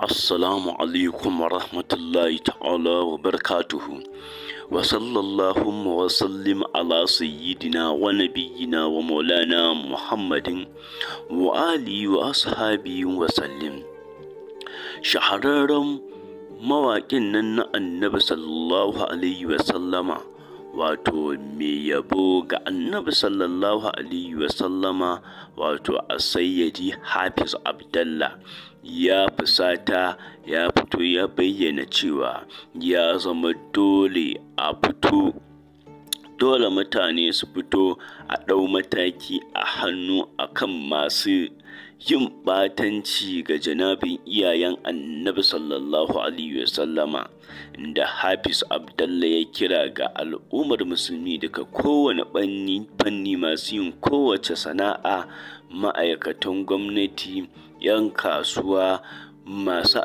assalamu alaikum wa rahmatullahi ta'ala wa barakatuhu wa sallallahu wa sallim ala sayyidina wa nabiyyina wa maulana muhammadin wa ali wa ashabi wa sallim shahararren mawaƙin nan na annabi sallallahu alaihi wa sallama wato mai yabo ga annabi sallallahu alaihi wa sallama wato a sayyadi hafiz abdallah ya fusata ya fito ya bayyana cewa ya zama dole a fito dole mutane su fito a ɗau mataki a hannu a kan masu yin ɓatanci ga janabin iyayen annabi sallallahu alaihi wasallama da hafiz abdalla ya kira ga al'ummar musulmi daga kowane fanni masu yin kowace sana'a ma'aikatan gwamnati 'yan kasuwa, masu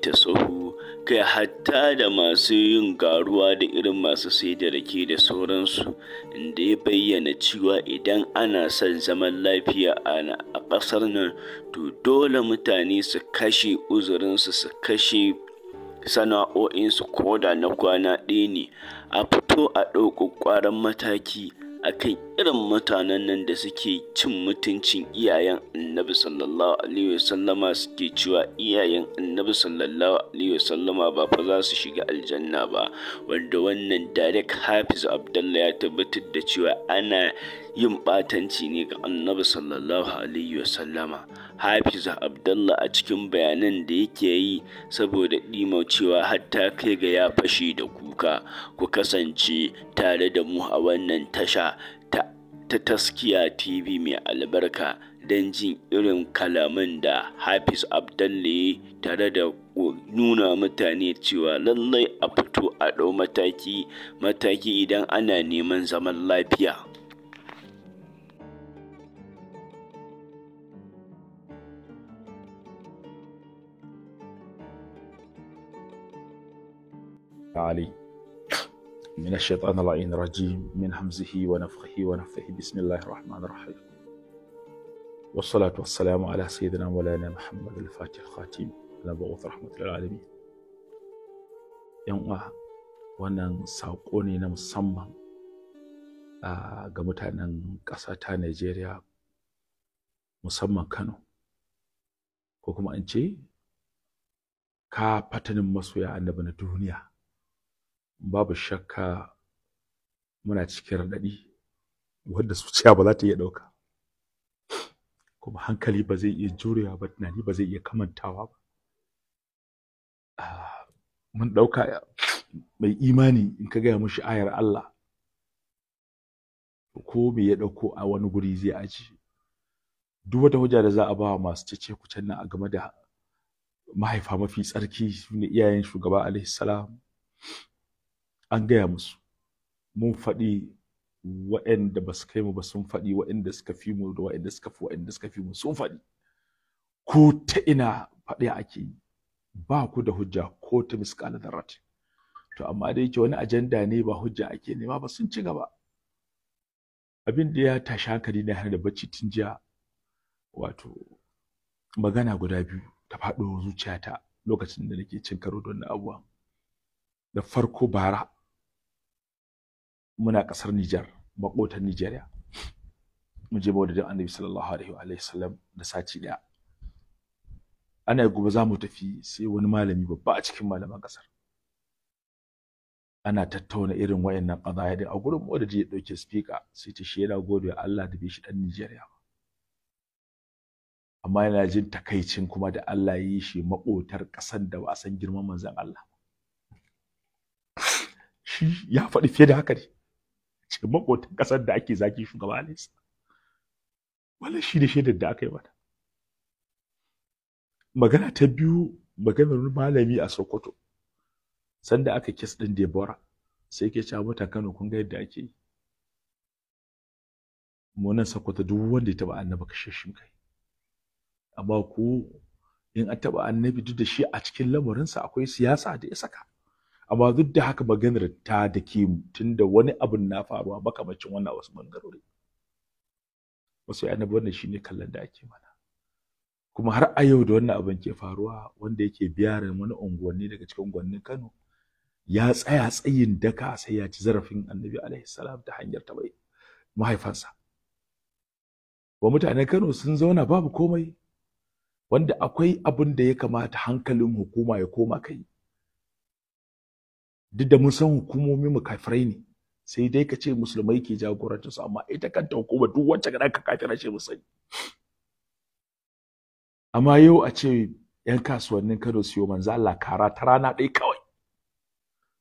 ta sahu, kai hatta da masu yin garuwa da irin masu sai da rake da sauransu, inda ya bayyana cewa idan ana son zaman lafiya a ƙasar nan to dole mutane su kashe uzurinsu su kashe sana'o'insu ko da na kwana ɗaya ne a fito a ɗauko ƙwaran mataki akan irin mutanen nan da suke cin mutuncin iyayen annabi sallallahu alaihi wasallama suke cewa iyayen annabi sallallahu alaihi wasallama ba fa za su shiga aljanna ba wanda wannan direct hafiz Abdullahi ya tabbatar da cewa ana yin ɓatanci ne ga annabi sallallahu alaihi wasallama hafiza abdallah a cikin bayanan da yake yi saboda har hatta kai ga ya fashe da kuka ku kasance tare da mu a wannan tasha ta taskiya tv mai albarka don jin irin kalaman da hafiz abdalle tare da nuna mutane cewa lallai a fito a ɗau mataki mataki idan ana neman zaman lafiya تعالي من الشيطان اللعين الرجيم من همزه ونفخه ونفثه بسم الله الرحمن الرحيم والصلاة والسلام على سيدنا مولانا محمد الفاتح الخاتم المبعوث رحمة العالمين يوم wannan saƙo ne na musamman ga mutanen ƙasa ta Najeriya musamman Kano ko kuma in ce ka fatanin masoya annabi na duniya babu shakka muna cikin raɗaɗi wadda zuciya ba za ta iya ɗauka kuma hankali ba zai iya jurewa ba tunani ba zai iya kamantawa ba ah, mun ɗauka mai imani in ka gaya mushi ayar Allah ko me ya ɗauko a wani guri zai aji duk wata hujja da za a ba wa masu cece kucen nan a game da mahaifa mafi tsarki su ne iyayen shugaba alaihi salam an gaya musu mun faɗi waɗanda ba su kai mu ba sun faɗi waɗanda suka fi mu da waɗanda suka fi waɗanda suka fi mu sun faɗi ko ta ina faɗi ake yi ba ku da hujja ko ta miskala rati. to amma da yake wani ajanda ne ba hujja ake nema ba sun ci gaba abin da ya tashi hankali na hana da bacci tun jiya wato magana guda biyu ta faɗo zuciyata lokacin da nake cin karo don na abuwa da farko bara muna kasar Nijar makotar Nijeriya mun je mawadadin annabi sallallahu alaihi wa sallam da sati daya ana gobe za mu tafi sai wani malami babba a cikin malaman kasar ana tattauna irin wayannan qadaya da a gurin da ya dauke speaker sai ta shaida godiya Allah da bai shi dan Nijeriya amma yana jin takaicin kuma da Allah ya yi shi maƙotar ƙasar da ba a san girman manzon Allah shi ya faɗi fiye da haka ne cikin makotan ƙasar da ake zaki shugaba alaihi wannan shi ne shaidar da aka yi mata magana ta biyu maganar malami a sokoto sanda aka kes ɗin debora sai ke cewa mata kano kun ga yadda ake yi mu nan sokoto duk wanda ya taba annaba ka shi kai amma ku in an taba annabi duk da shi a cikin lamarinsa akwai siyasa da ya saka amma duk da haka maganar ta da ke tunda wani abin na faruwa makamacin wannan wasu bangarori wasu ya annabi wannan ne kallon da ake mana kuma har a yau da wannan abin ke faruwa wanda yake biyar wani unguwanni daga cikin unguwannin Kano ya tsaya tsayin daka sai ya ci zarafin annabi alaihi salam ta hanyar ta mahaifansa wa mutanen Kano sun zauna babu komai wanda akwai abin da ya kamata hankalin hukuma ya koma kai duk da mun san hukumomin mu kafirai ne sai dai ka ce musulmai ke jagorantar su amma ita kanta hukuma duk wacce ga ka kafira ce musani amma yau a ce yan kasuwannin Kano siyo manzo Allah kara ta rana ɗaya kawai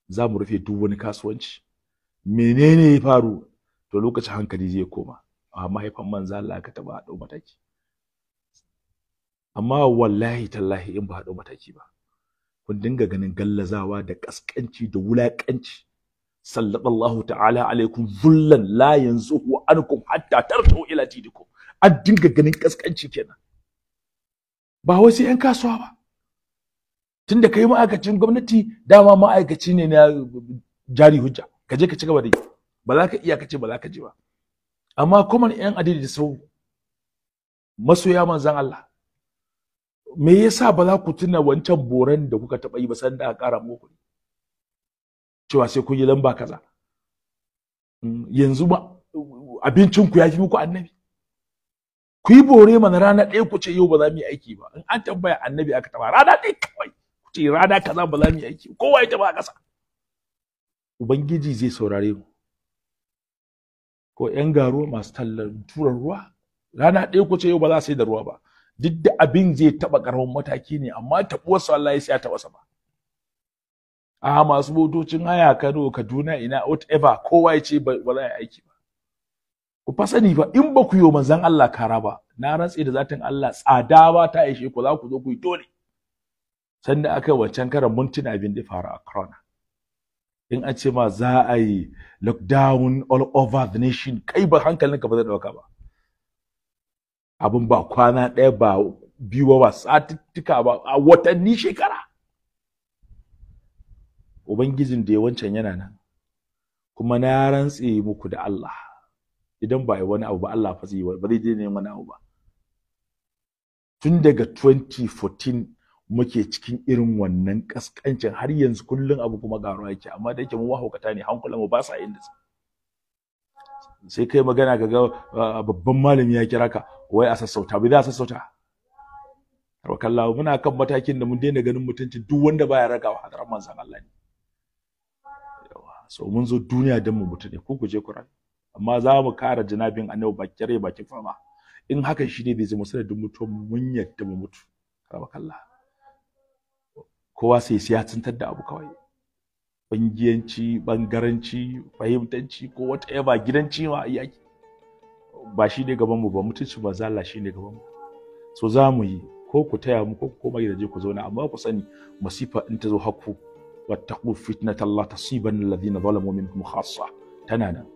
za mu rufe duk wani kasuwanci menene ya faru to lokacin hankali zai koma amma mahaifan manzo Allah ka taba a mataki amma wallahi tallahi in ba a mataki ba kun dinga ganin gallazawa da kaskanci da wulakanci sallaballahu ta'ala alaikum zullan la yanzuhu ankum hatta tartu ila dinikum an dinga ganin kaskanci kenan ba wai sai yan kasuwa ba tunda kai ma'aikacin gwamnati dama ma'aikaci ne na jari hujja ka je ka ci gaba da yi ba za ka iya kace ba za ka ji ba amma kuma yan adidi da sau masoya manzan Allah me yasa ba za ku tuna wancan boran da kuka taɓa yi ba sanda a ƙara muku cewa sai kun yi lamba kaza mm, yanzu ba abincin ku ya fi muku annabi ku yi bore mana rana ɗaya ku ce yau ba za mu yi aiki ba in an tambaya annabi aka taɓa rana ɗaya kawai ku ce rana kaza ba za mu yi aiki kowa ya taɓa a ƙasa ubangiji zai saurare mu ko ƴan garuwa masu tallar turar ruwa rana ɗaya ku ce yau ba za su yi da ruwa ba duk da abin zai taɓa ƙaramin mataki ne amma taɓuwarsa Allah ya siya taɓa sama a masu motocin haya Kano Kaduna ina whatever kowa ya ce ba za aiki ba ku fa sani ba in ba ku yi manzon Allah kara ba na rantse da zatin Allah tsada ba ta aishe ku za ku zo ku yi dole sanda aka wancan karan muntuna bin abin da faru a corona in a ce ma za a yi lockdown all over the nation kai ba hankalinka ba zai dauka ba abin ba kwana ɗaya ba biyu ba ba satuttuka ba a watanni shekara ubangijin da ya wancan yana nan kuma na rantse muku da Allah idan ba ya wani abu ba Allah fa zai ba zai je neman wani abu ba tun daga 2014 muke cikin irin wannan kaskancin har yanzu kullum abu kuma garuwa yake amma da yake mu wahaukata ne hankulan mu ba sa inda sai kai magana ga ah, babban malami ya kira ka wai a sassauta bai za a sassauta kalla muna kan matakin da mun daina ganin mutunci duk wanda baya ragawa hadarar manzon Allah ne so mun zo duniya don mu mutu ne ko ku je Qur'an amma za mu kara jinabin annabi baki rai baki fama in haka shi ne zai zama da mutu mun yadda mu mutu kalla kowa sai tuntar da abu kawai bangiyanci bangaranci fahimtanci ko wata yaba gidanci ma ba shi ne gaban mu ba mutunci manzo Allah shi ne gaban mu so za mu yi ko ku taya mu ko ku koma gidaje ku zauna amma ku sani masifa in ta zo hakku wattaqu fitnata Allah tasiban alladhina zalamu minkum khassa tana nan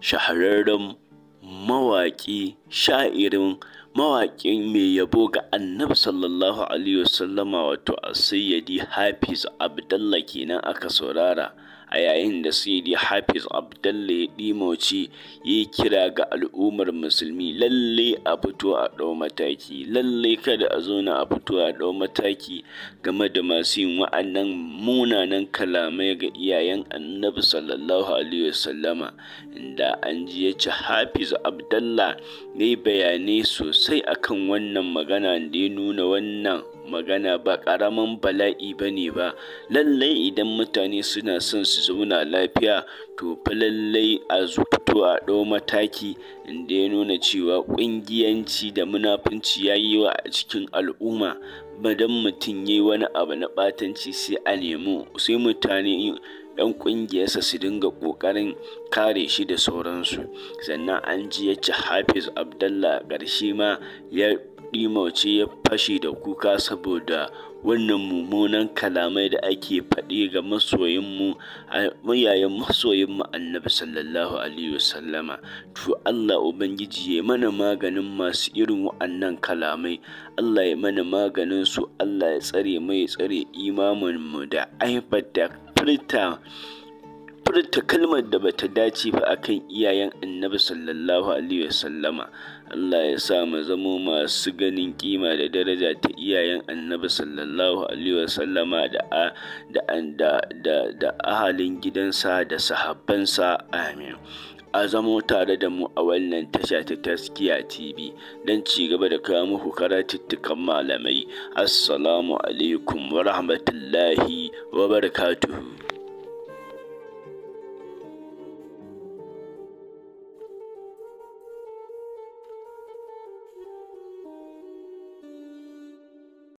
shahararren mawaƙi sha'irin mawaƙin mai yabo ga annabi sallallahu alaihi wasallama wato a sayyadi hafiz abdallah kenan aka saurara a yayin da Sidi Hafiz Abdalla Dimoci ya kira ga al'ummar musulmi lalle a fito a ɗau mataki lalle kada a zauna a fito a ɗau mataki game da masu yin wa'annan munanan kalamai ga iyayen annabi sallallahu alaihi wasallama inda an ji ya ci Hafiz Abdalla ya bayanai sosai akan wannan magana da ya nuna wannan magana ba ƙaramin bala'i ba ne ba lallai idan mutane suna son su zauna lafiya to fa lallai a fito a ɗau mataki inda ya nuna cewa ƙungiyanci da munafunci ya yi wa a cikin al'umma madan mutum ya yi wani abu na ɓatanci sai a nemo sai mutane yan ƙungiyarsa su dinga ƙoƙarin kare shi da sauransu sannan an ji ya ci hafiz abdallah ƙarshe ma ya kuɗi mace ya fashe da kuka saboda wannan mummunan kalamai da ake faɗi ga masoyinmu yayin masoyinmu annabi sallallahu alaihi wasallama to Allah ubangiji ya mana maganin masu irin wa'annan kalamai Allah ya mana maganin su Allah ya tsare mai tsare imamin mu da aifar da furta kalmar da bata dace ba akan iyayen annabi sallallahu alaihi wasallama Allah ya sa mu zamo masu ganin kima da daraja ta iyayen annabi sallallahu alaihi wasallama da da da da ahalin gidansa da sahabbansa amin a zamo tare da mu a wannan tasha ta taskiya tv don ci gaba da kawo muku karatuttukan malamai assalamu alaikum wa rahmatullahi wa barakatuhu